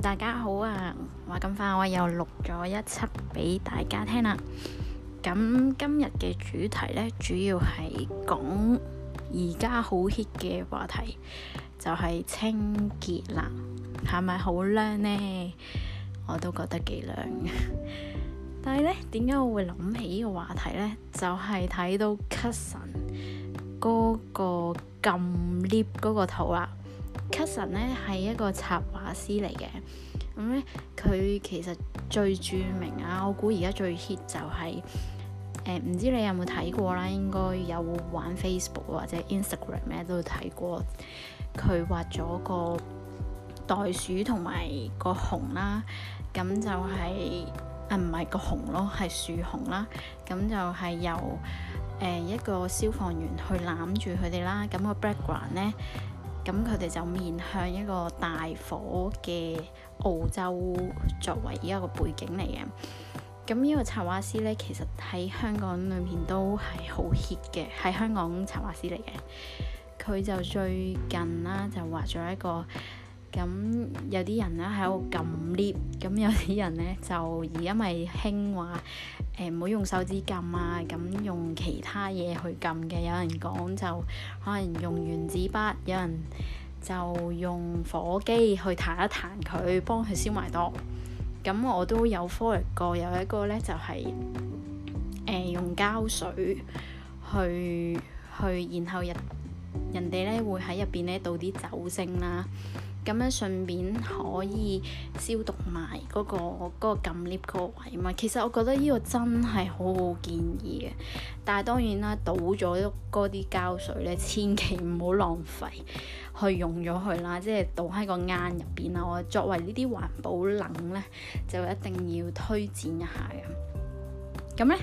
大家好啊！話咁快我又錄咗一輯俾大家聽啦。咁今日嘅主題呢，主要係講而家好 hit 嘅話題，就係清潔啦。係咪好靚呢？我都覺得幾靚。但係呢，點解我會諗起呢個話題呢？就係睇到 Cushion 嗰個咁 lip 嗰個圖啦。Cushon 咧係一個插畫師嚟嘅，咁咧佢其實最著名啊，我估而家最 hit 就係、是、誒，唔、呃、知你有冇睇過啦？應該有玩 Facebook 或者 Instagram 咧都睇過，佢畫咗個袋鼠同埋個熊啦，咁就係、是、啊唔係個熊咯，係樹熊啦，咁就係由誒、呃、一個消防員去攬住佢哋啦，咁、那個 background 咧。咁佢哋就面向一個大火嘅澳洲作為呢一個背景嚟嘅。咁呢個插畫師呢，其實喺香港裏面都係好 hit 嘅，喺香港插畫師嚟嘅。佢就最近啦，就畫咗一個。咁有啲人咧，喺度撳 lift，咁有啲人呢，人呢就而家咪興話誒唔好用手指撳啊，咁用其他嘢去撳嘅。有人講就可能用原子筆，有人就用火機去彈一彈佢，幫佢燒埋多。咁我都有科過，有一個呢就係、是、誒、呃、用膠水去去，然後人人哋呢會喺入邊呢倒啲酒精啦。咁樣順便可以消毒埋、那、嗰個嗰、那個撳 lift 嗰個位嘛，其實我覺得呢個真係好好建議嘅。但係當然啦，倒咗嗰啲膠水咧，千祈唔好浪費，去用咗佢啦，即係倒喺個眼入邊啦。我作為呢啲環保冷咧，就一定要推薦一下嘅。咁咧，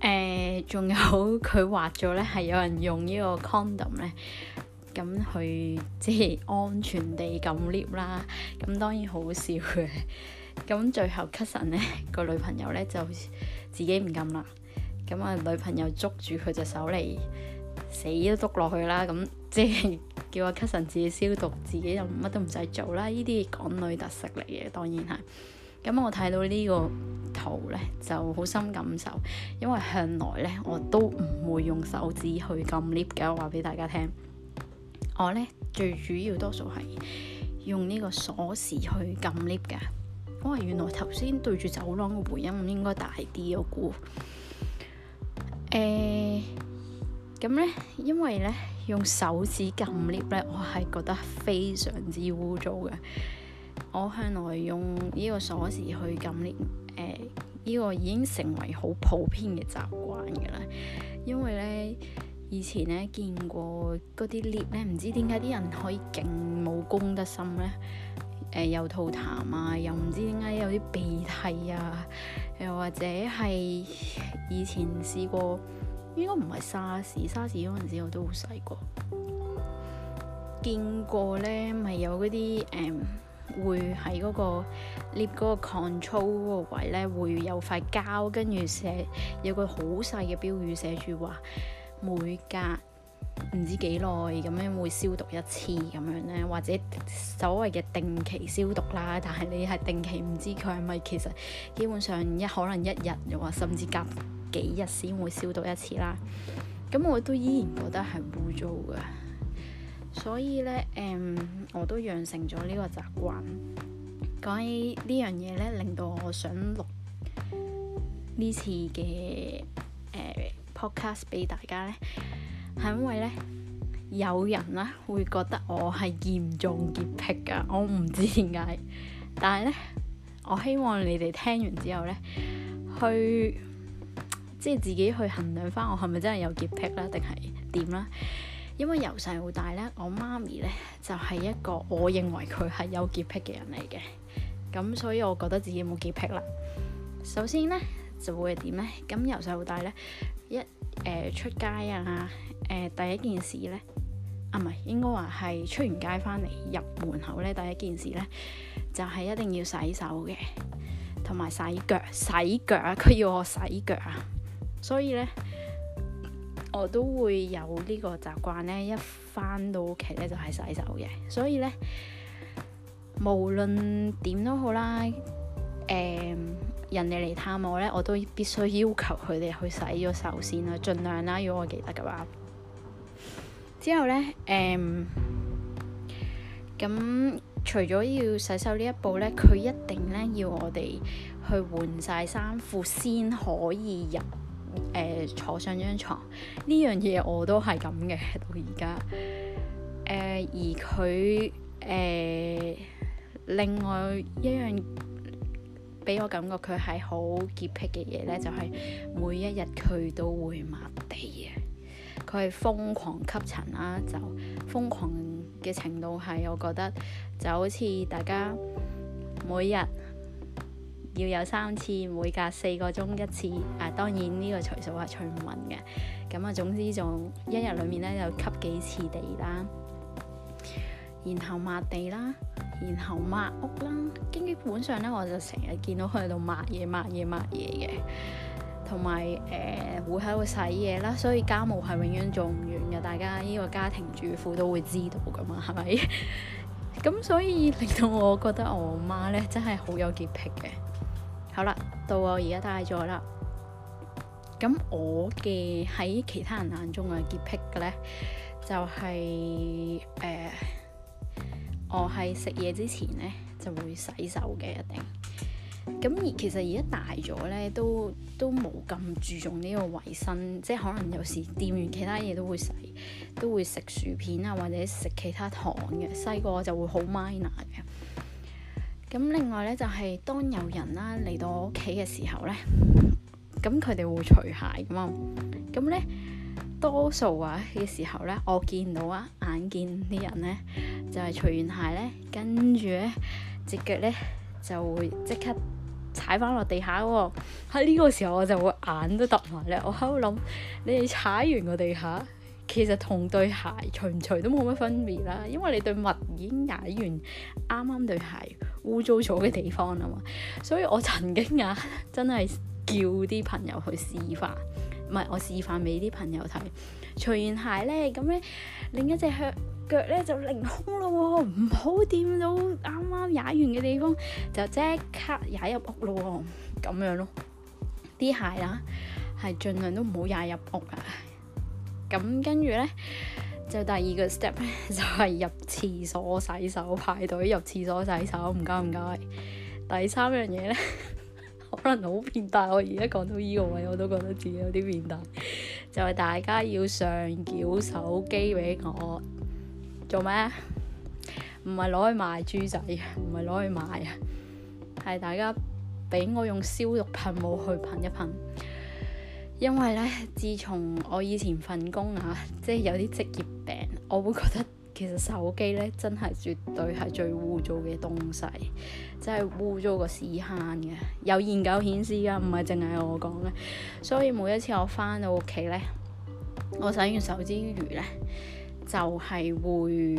誒、呃，仲有佢畫咗咧，係有人用個呢個 condom 咧。咁去即係安全地撳 lift 啦。咁當然好笑嘅。咁 最後 Cousin 咧個女朋友咧就自己唔敢啦。咁啊女朋友捉住佢隻手嚟死都捉落去啦。咁即係叫阿 Cousin 自己消毒，自己就乜都唔使做啦。呢啲港女特色嚟嘅，當然係。咁我睇到呢個圖咧就好深感受，因為向來咧我都唔會用手指去撳 lift 嘅，我話俾大家聽。我咧最主要多數係用呢個鎖匙去撳 lift 噶，我話原來頭先對住走廊個回音唔應該大啲我估，誒、欸，咁咧因為咧用手指撳 lift 咧，我係覺得非常之污糟嘅，我向來用呢個鎖匙去撳 lift，誒，呢、欸這個已經成為好普遍嘅習慣噶啦，因為咧。以前咧見過嗰啲 lift 咧，唔知點解啲人可以勁冇公德心咧？誒又吐痰啊，又唔知點解有啲鼻涕啊，又或者係以前試過應該唔係沙士，沙士嗰陣時我都好細個見過咧，咪有嗰啲誒會喺嗰個 lift 嗰個 control 個位咧，會有塊膠跟住寫，有個好細嘅標語寫住話。每隔唔知幾耐咁樣會消毒一次咁樣咧，或者所謂嘅定期消毒啦，但係你係定期唔知佢係咪其實基本上一可能一日嘅話，甚至隔幾日先會消毒一次啦。咁我都依然覺得係污糟嘅，所以咧誒、嗯，我都養成咗呢個習慣。講起呢樣嘢咧，令到我想錄呢次嘅誒。呃 podcast 俾大家呢，係因為呢，有人啦會覺得我係嚴重潔癖噶，我唔知點解。但係呢，我希望你哋聽完之後呢，去即係自己去衡量翻我係咪真係有潔癖啦，定係點啦？因為由細到大呢，我媽咪呢，就係一個我認為佢係有潔癖嘅人嚟嘅，咁所以我覺得自己冇潔癖啦。首先呢，就會點呢？咁由細到大呢，一。誒、呃，出街啊！誒、呃，第一件事咧，啊，唔係應該話係出完街翻嚟入門口咧，第一件事咧就係、是、一定要洗手嘅，同埋洗腳，洗腳佢要我洗腳啊！所以咧，我都會有個習慣呢個習慣咧，一翻到屋企咧就係洗手嘅，所以咧，無論點都好啦，誒、嗯。人哋嚟探我咧，我都必須要求佢哋去洗咗手先啦、啊，盡量啦。如果我記得嘅話，之後咧，誒、嗯，咁除咗要洗手呢一步咧，佢一定咧要我哋去換晒衫褲先可以入誒、呃、坐上張床。呢樣嘢我都係咁嘅，到而家。誒、呃，而佢誒、呃，另外一樣。俾我感覺佢係好潔癖嘅嘢呢，就係每一日佢都會抹地啊！佢係瘋狂吸塵啦、啊，就瘋狂嘅程度係，我覺得就好似大家每日要有三次，每隔四個鐘一次啊。當然呢個除數係除唔勻嘅，咁啊總之仲一日裡面呢，就吸幾次地啦，然後抹地啦。然後抹屋啦，基本上咧我就成日見到佢喺度抹嘢、抹嘢、抹嘢嘅，同埋誒會喺度洗嘢啦，所以家務係永遠做唔完嘅。大家呢個家庭主婦都會知道噶嘛，係咪？咁 所以令到我覺得我媽咧真係好有潔癖嘅。好啦，到我而家大咗啦，咁我嘅喺其他人眼中嘅潔癖嘅咧，就係、是、誒。呃我係食嘢之前呢就會洗手嘅一定，咁而其實而家大咗呢都都冇咁注重呢個衞生，即係可能有時掂完其他嘢都會洗，都會食薯片啊或者食其他糖嘅。細個我就會好 minor 嘅。咁另外呢，就係、是、當有人啦、啊、嚟到我屋企嘅時候呢，咁佢哋會除鞋㗎嘛，咁呢。多數啊嘅時候咧，我到見到啊眼見啲人咧，就係除完鞋咧，跟住咧隻腳咧就會即刻踩翻落地下喎、哦。喺呢個時候我就會眼都凸埋咧，我喺度諗：你哋踩完個地下，其實同對鞋除唔除都冇乜分別啦，因為你對襪已經踩完啱啱對鞋污糟咗嘅地方啊嘛。所以我曾經啊真係叫啲朋友去試吓。唔係我示範俾啲朋友睇，除完鞋咧，咁咧另一隻腳咧就凌空咯喎、哦，唔好掂到啱啱踩完嘅地方，就即刻踩入屋咯喎、哦，咁樣咯，啲鞋啦係盡量都唔好踩入屋啊。咁跟住咧，就第二個 step 咧就係、是、入廁所洗手，排隊入廁所洗手，唔該唔該。第三樣嘢咧。可能好變態，我而家講到依個位，我都覺得自己有啲變態。就係大家要上繳手機俾我，做咩？唔係攞去賣豬仔，唔係攞去賣啊！係大家俾我用消毒噴霧去噴一噴，因為呢，自從我以前份工啊，即係有啲職業病，我會覺得。其實手機咧，真係絕對係最污糟嘅東西，真係污糟個屎坑嘅。有研究顯示㗎，唔係淨係我講嘅。所以每一次我返到屋企咧，我洗完手之餘咧，就係、是、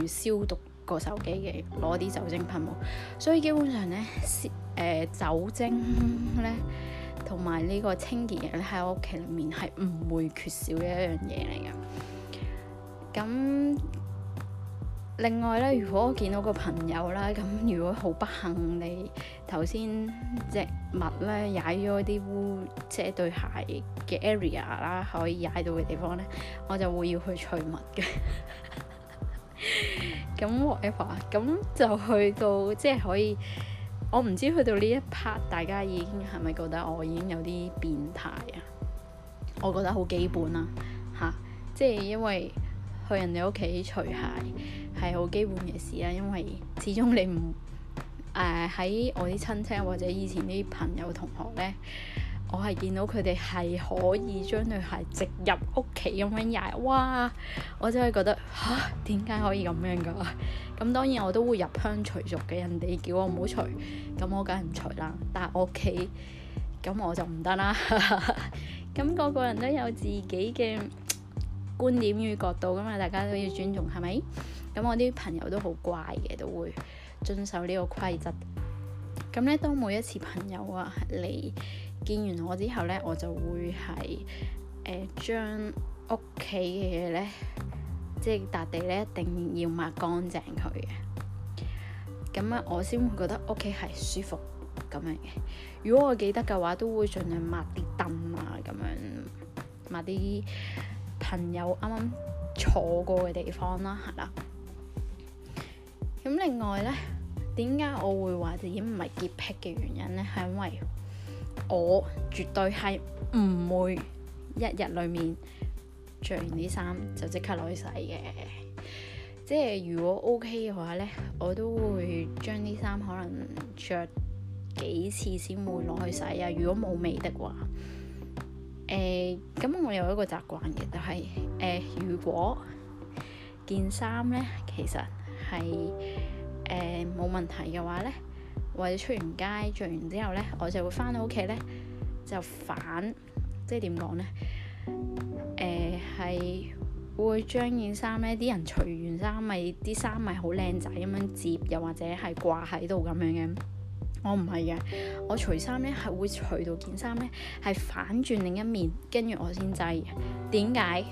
會消毒個手機嘅，攞啲酒精噴霧。所以基本上咧，誒、呃、酒精咧同埋呢個清潔液咧喺我屋企裏面係唔會缺少嘅一樣嘢嚟嘅。咁。另外咧，如果我見到個朋友啦，咁如果好不幸你頭先隻襪咧踩咗啲污，即係對鞋嘅 area 啦，可以踩到嘅地方咧，我就會要去除襪嘅。咁 whatever，咁就去到即係可以，我唔知去到呢一 part，大家已經係咪覺得我已經有啲變態啊？我覺得好基本啦、啊，吓，即係因為去人哋屋企除鞋。係好基本嘅事啦，因為始終你唔、誒、喺我啲親戚或者以前啲朋友同學呢，我係見到佢哋係可以將對鞋直入屋企咁樣踩，哇！我真係覺得嚇，點解可以咁樣噶？咁當然我都會入鄉隨俗嘅，人哋叫我唔好除，咁我梗係唔除啦。但係我屋企咁我就唔得啦。咁個個人都有自己嘅觀點與角度噶嘛，大家都要尊重係咪？嗯咁我啲朋友都好乖嘅，都會遵守呢個規則。咁咧，當每一次朋友啊嚟見完我之後咧，我就會係誒、呃、將屋企嘅嘢咧，即係笪地咧，一定要抹乾淨佢嘅。咁啊，我先會覺得屋企係舒服咁樣嘅。如果我記得嘅話，都會盡量抹啲燈啊，咁樣抹啲朋友啱啱坐過嘅地方啦，係啦。咁另外咧，點解我會話自己唔係潔癖嘅原因咧？係因為我絕對係唔會一日裡面着完啲衫就即刻攞去洗嘅。即係如果 OK 嘅話咧，我都會將啲衫可能着幾次先會攞去洗啊。如果冇味的話，誒，咁我有一個習慣嘅，就係誒，如果件衫咧，其實～係誒冇問題嘅話咧，或者出完街着完之後咧，我就會返到屋企咧就反，即係點講咧？誒、呃、係會將件衫咧，啲人除完衫咪啲衫咪好靚仔咁樣摺，又或者係掛喺度咁樣嘅。我唔係嘅，我除衫咧係會除到件衫咧係反轉另一面，跟住我先制。點解？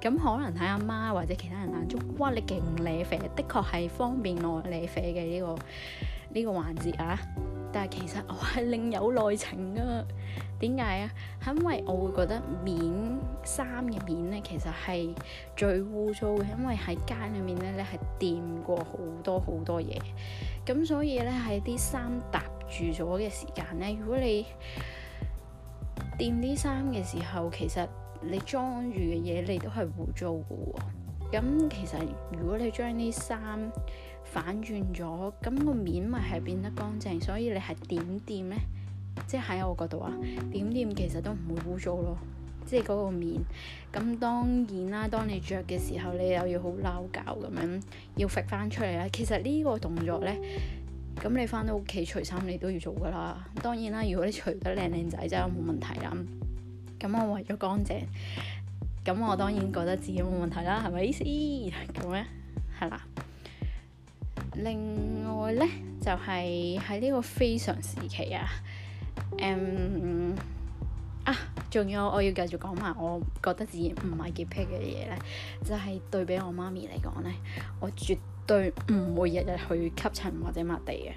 咁可能喺阿媽，媽或者其他人眼中，哇！你勁理。肥的確係方便我摣肥嘅呢個呢、呢個環節啊。但係其實我係另有內情㗎。點解啊？係因為我會覺得面衫嘅面咧，其實係最污糟嘅，因為喺街裏面咧咧係掂過好多好多嘢。咁所以咧喺啲衫搭住咗嘅時間咧，如果你掂啲衫嘅時候，其實你裝住嘅嘢你都係污糟嘅喎，咁其實如果你將啲衫反轉咗，咁個面咪係變得乾淨，所以你係點掂呢？即喺我角度啊，點掂其實都唔會污糟咯，即係嗰個面。咁當然啦，當你着嘅時候，你又要好撈搞咁樣，要揈翻出嚟啦。其實呢個動作呢，咁你翻到屋企除衫你都要做噶啦。當然啦，如果你除得靚靚仔啫，冇問題啦。咁我為咗乾淨，咁我當然覺得自己冇問題啦，係咪先？咁咧，係啦。另外咧，就係喺呢個非常時期啊，誒、嗯、啊，仲有我要繼續講埋，我覺得自己唔係潔癖嘅嘢咧，就係、是、對比我媽咪嚟講咧，我絕對唔會日日去吸塵或者抹地嘅，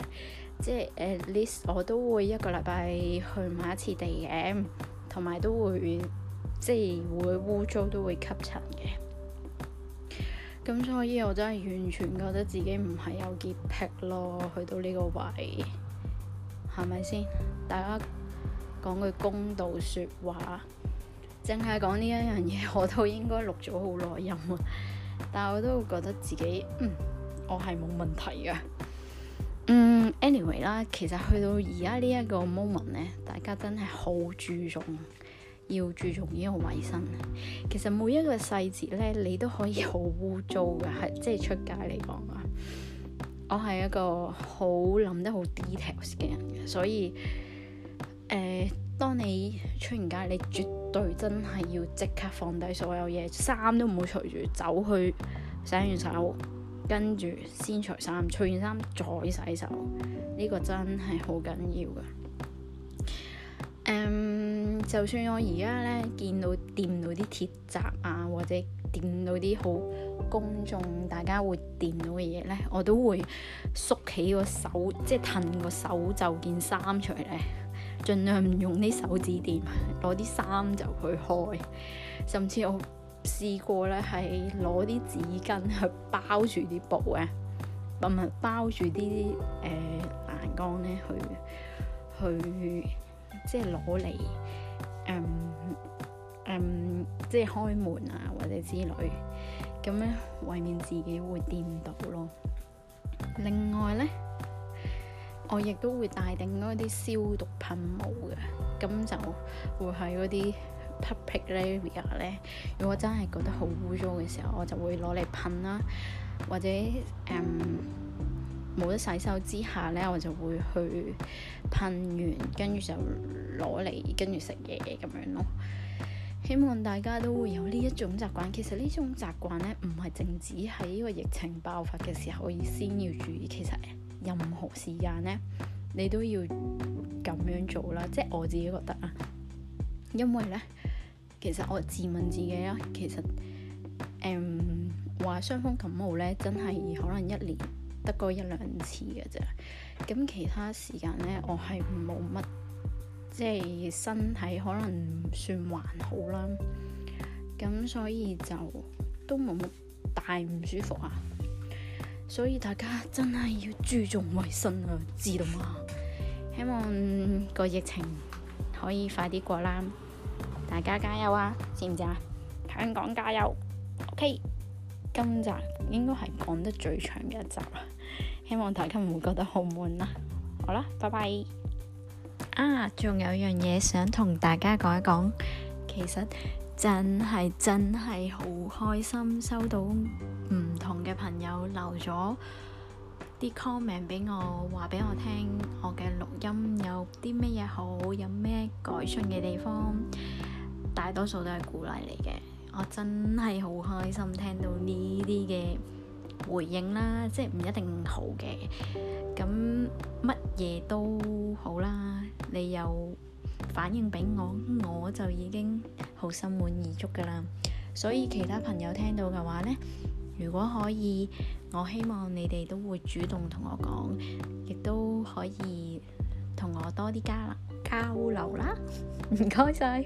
即係誒，at least 我都會一個禮拜去抹一次地嘅。同埋都會即係會污糟，都會吸塵嘅。咁所以我真係完全覺得自己唔係有潔癖咯。去到呢個位係咪先？大家講句公道説話，淨係講呢一樣嘢，我都應該錄咗好耐音啊。但係我都覺得自己嗯，我係冇問題嘅。嗯、um，anyway 啦，其實去到而家呢一個 moment 咧，大家真係好注重，要注重呢個衛生。其實每一個細節咧，你都可以好污糟㗎，係即係出街嚟講啊。我係一個好諗得好 details 嘅人，所以誒、呃，當你出完街，你絕對真係要即刻放低所有嘢，衫都唔會隨住走去洗完手。跟住先除衫，除完衫再洗手，呢個真係好緊要㗎。誒，um，就算我而家咧見到掂到啲鐵閘啊，或者掂到啲好公眾大家會掂到嘅嘢咧，我都會縮起個手，即係褪個手就件衫出嚟，盡量唔用啲手指掂，攞啲衫就去開。甚至我，試過咧，係攞啲紙巾去包住啲布啊，唔唔，包住啲誒、呃、欄杆咧，去去即係攞嚟誒誒，即係、嗯嗯、開門啊或者之類，咁咧為免自己會掂到咯。另外咧，我亦都會帶定嗰啲消毒噴霧嘅，咁就會喺嗰啲。p a 咧，如果真係覺得好污糟嘅時候，我就會攞嚟噴啦，或者誒冇、嗯、得洗手之下咧，我就會去噴完，跟住就攞嚟跟住食嘢咁樣咯。希望大家都會有呢一種習慣。其實呢種習慣咧，唔係淨止喺呢個疫情爆發嘅時候，我先要注意。其實任何時間咧，你都要咁樣做啦。即係我自己覺得啊，因為咧。其實我自問自己啦，其實誒話傷風感冒咧，真係可能一年得過一兩次嘅啫。咁其他時間咧，我係冇乜即係身體，可能算還好啦。咁所以就都冇乜大唔舒服啊。所以大家真係要注重衞生啊，知道嘛？希望個疫情可以快啲過啦。大家加油啊，知唔知啊？香港加油！O.K. 今集應該係講得最長嘅一集啦，希望大家唔會覺得好悶啦啊。好啦，拜拜！啊，仲有樣嘢想同大家講一講，其實真係真係好開心收到唔同嘅朋友留咗啲 comment 俾我，話俾我聽我嘅錄音有啲咩嘢好，有咩改進嘅地方。大多數都係鼓勵你嘅，我真係好開心聽到呢啲嘅回應啦，即係唔一定好嘅，咁乜嘢都好啦，你有反應俾我，我就已經好心滿意足㗎啦。所以其他朋友聽到嘅話呢，如果可以，我希望你哋都會主動同我講，亦都可以同我多啲交流交流啦。唔該晒。